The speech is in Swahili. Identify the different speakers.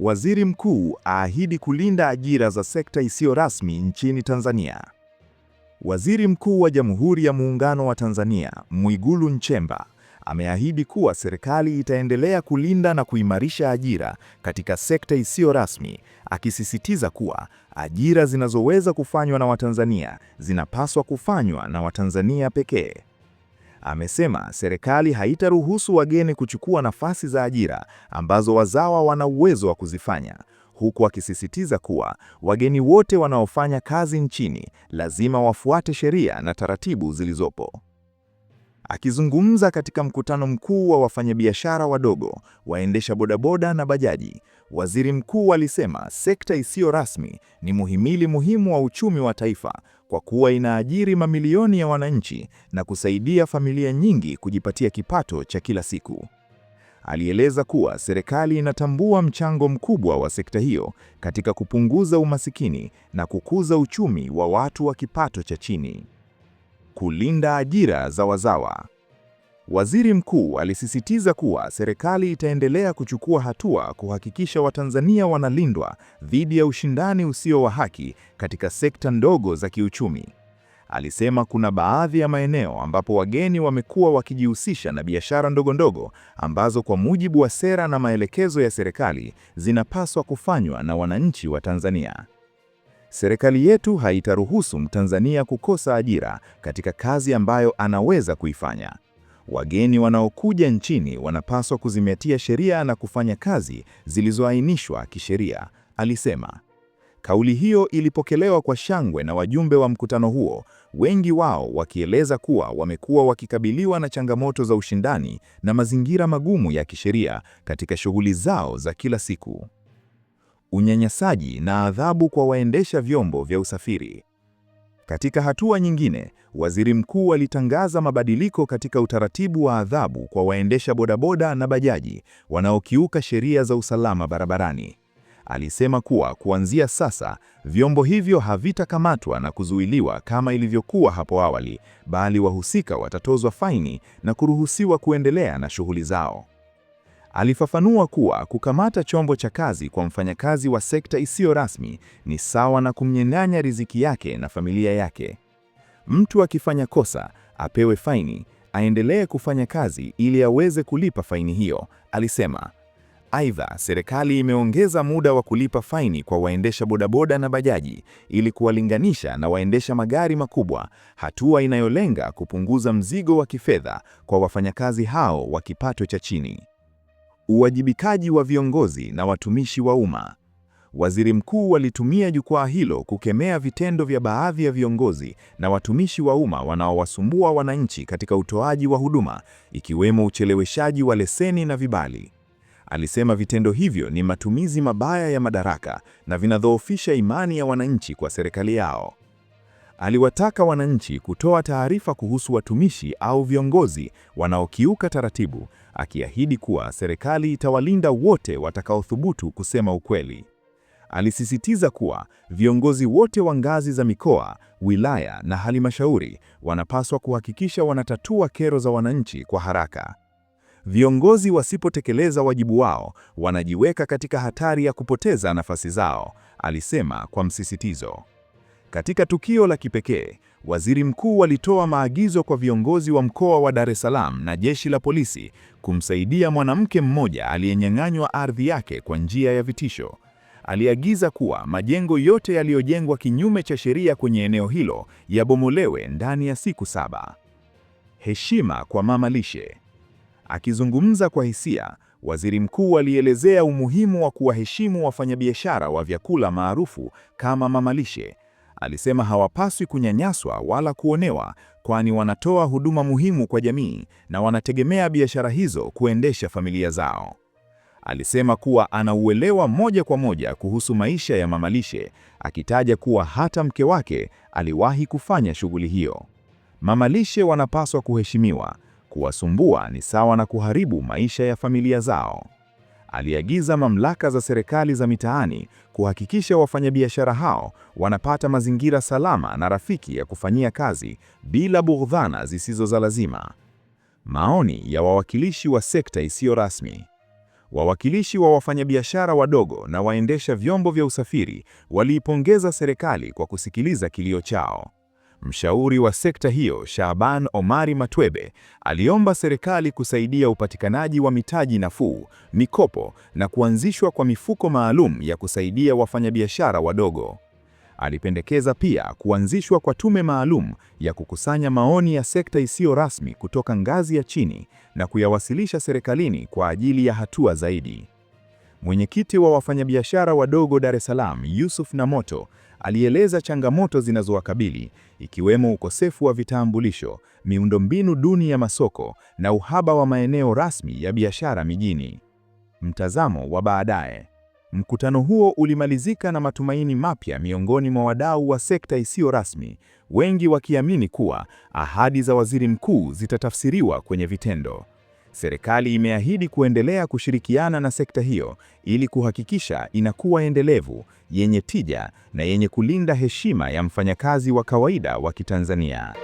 Speaker 1: Waziri Mkuu aahidi kulinda ajira za sekta isiyo rasmi nchini Tanzania. Waziri Mkuu wa Jamhuri ya Muungano wa Tanzania, Mwigulu Nchemba, ameahidi kuwa serikali itaendelea kulinda na kuimarisha ajira katika sekta isiyo rasmi, akisisitiza kuwa ajira zinazoweza kufanywa na Watanzania zinapaswa kufanywa na Watanzania pekee. Amesema serikali haitaruhusu wageni kuchukua nafasi za ajira ambazo wazawa wana uwezo wa kuzifanya, huku akisisitiza kuwa wageni wote wanaofanya kazi nchini lazima wafuate sheria na taratibu zilizopo. Akizungumza katika mkutano mkuu wa wafanyabiashara wadogo, waendesha bodaboda na bajaji, Waziri Mkuu alisema sekta isiyo rasmi ni muhimili muhimu wa uchumi wa taifa kwa kuwa inaajiri mamilioni ya wananchi na kusaidia familia nyingi kujipatia kipato cha kila siku. Alieleza kuwa serikali inatambua mchango mkubwa wa sekta hiyo katika kupunguza umasikini na kukuza uchumi wa watu wa kipato cha chini. Kulinda ajira za wazawa. Waziri Mkuu alisisitiza kuwa serikali itaendelea kuchukua hatua kuhakikisha Watanzania wanalindwa dhidi ya ushindani usio wa haki katika sekta ndogo za kiuchumi. Alisema kuna baadhi ya maeneo ambapo wageni wamekuwa wakijihusisha na biashara ndogo ndogo ambazo kwa mujibu wa sera na maelekezo ya serikali zinapaswa kufanywa na wananchi wa Tanzania. Serikali yetu haitaruhusu Mtanzania kukosa ajira katika kazi ambayo anaweza kuifanya. Wageni wanaokuja nchini wanapaswa kuzingatia sheria na kufanya kazi zilizoainishwa kisheria, alisema. Kauli hiyo ilipokelewa kwa shangwe na wajumbe wa mkutano huo, wengi wao wakieleza kuwa wamekuwa wakikabiliwa na changamoto za ushindani na mazingira magumu ya kisheria katika shughuli zao za kila siku. Unyanyasaji na adhabu kwa waendesha vyombo vya usafiri. Katika hatua nyingine, waziri mkuu alitangaza mabadiliko katika utaratibu wa adhabu kwa waendesha bodaboda na bajaji wanaokiuka sheria za usalama barabarani. Alisema kuwa kuanzia sasa vyombo hivyo havitakamatwa na kuzuiliwa kama ilivyokuwa hapo awali, bali wahusika watatozwa faini na kuruhusiwa kuendelea na shughuli zao. Alifafanua kuwa kukamata chombo cha kazi kwa mfanyakazi wa sekta isiyo rasmi ni sawa na kumnyang'anya riziki yake na familia yake. Mtu akifanya kosa apewe faini, aendelee kufanya kazi ili aweze kulipa faini hiyo, alisema. Aidha, serikali imeongeza muda wa kulipa faini kwa waendesha bodaboda na bajaji ili kuwalinganisha na waendesha magari makubwa, hatua inayolenga kupunguza mzigo wa kifedha kwa wafanyakazi hao wa kipato cha chini. Uwajibikaji wa viongozi na watumishi wa umma. Waziri Mkuu alitumia jukwaa hilo kukemea vitendo vya baadhi ya viongozi na watumishi wa umma wanaowasumbua wananchi katika utoaji wa huduma, ikiwemo ucheleweshaji wa leseni na vibali. Alisema vitendo hivyo ni matumizi mabaya ya madaraka na vinadhoofisha imani ya wananchi kwa serikali yao. Aliwataka wananchi kutoa taarifa kuhusu watumishi au viongozi wanaokiuka taratibu, akiahidi kuwa serikali itawalinda wote watakaothubutu kusema ukweli. Alisisitiza kuwa viongozi wote wa ngazi za mikoa, wilaya na halmashauri wanapaswa kuhakikisha wanatatua kero za wananchi kwa haraka. Viongozi wasipotekeleza wajibu wao, wanajiweka katika hatari ya kupoteza nafasi zao, alisema kwa msisitizo. Katika tukio la kipekee, waziri mkuu alitoa maagizo kwa viongozi wa mkoa wa Dar es Salaam na jeshi la polisi kumsaidia mwanamke mmoja aliyenyang'anywa ardhi yake kwa njia ya vitisho. Aliagiza kuwa majengo yote yaliyojengwa kinyume cha sheria kwenye eneo hilo yabomolewe ndani ya siku saba. Heshima kwa mama lishe. Akizungumza kwa hisia, waziri mkuu alielezea umuhimu wa kuwaheshimu wafanyabiashara wa vyakula maarufu kama mama lishe Alisema hawapaswi kunyanyaswa wala kuonewa, kwani wanatoa huduma muhimu kwa jamii na wanategemea biashara hizo kuendesha familia zao. Alisema kuwa anauelewa moja kwa moja kuhusu maisha ya mamalishe, akitaja kuwa hata mke wake aliwahi kufanya shughuli hiyo. Mamalishe wanapaswa kuheshimiwa, kuwasumbua ni sawa na kuharibu maisha ya familia zao aliagiza mamlaka za serikali za mitaani kuhakikisha wafanyabiashara hao wanapata mazingira salama na rafiki ya kufanyia kazi bila bughdhana zisizo za lazima. Maoni ya wawakilishi wa sekta isiyo rasmi. Wawakilishi wa wafanyabiashara wadogo na waendesha vyombo vya usafiri waliipongeza serikali kwa kusikiliza kilio chao. Mshauri wa sekta hiyo, Shaaban Omari Matwebe, aliomba serikali kusaidia upatikanaji wa mitaji nafuu, mikopo na kuanzishwa kwa mifuko maalum ya kusaidia wafanyabiashara wadogo. Alipendekeza pia kuanzishwa kwa tume maalum ya kukusanya maoni ya sekta isiyo rasmi kutoka ngazi ya chini na kuyawasilisha serikalini kwa ajili ya hatua zaidi. Mwenyekiti wa wafanyabiashara wadogo Dar es Salaam, Yusuf Namoto, alieleza changamoto zinazowakabili ikiwemo ukosefu wa vitambulisho, miundombinu duni ya masoko na uhaba wa maeneo rasmi ya biashara mijini. Mtazamo wa baadaye. Mkutano huo ulimalizika na matumaini mapya miongoni mwa wadau wa sekta isiyo rasmi, wengi wakiamini kuwa ahadi za waziri mkuu zitatafsiriwa kwenye vitendo. Serikali imeahidi kuendelea kushirikiana na sekta hiyo ili kuhakikisha inakuwa endelevu, yenye tija na yenye kulinda heshima ya mfanyakazi wa kawaida wa Kitanzania.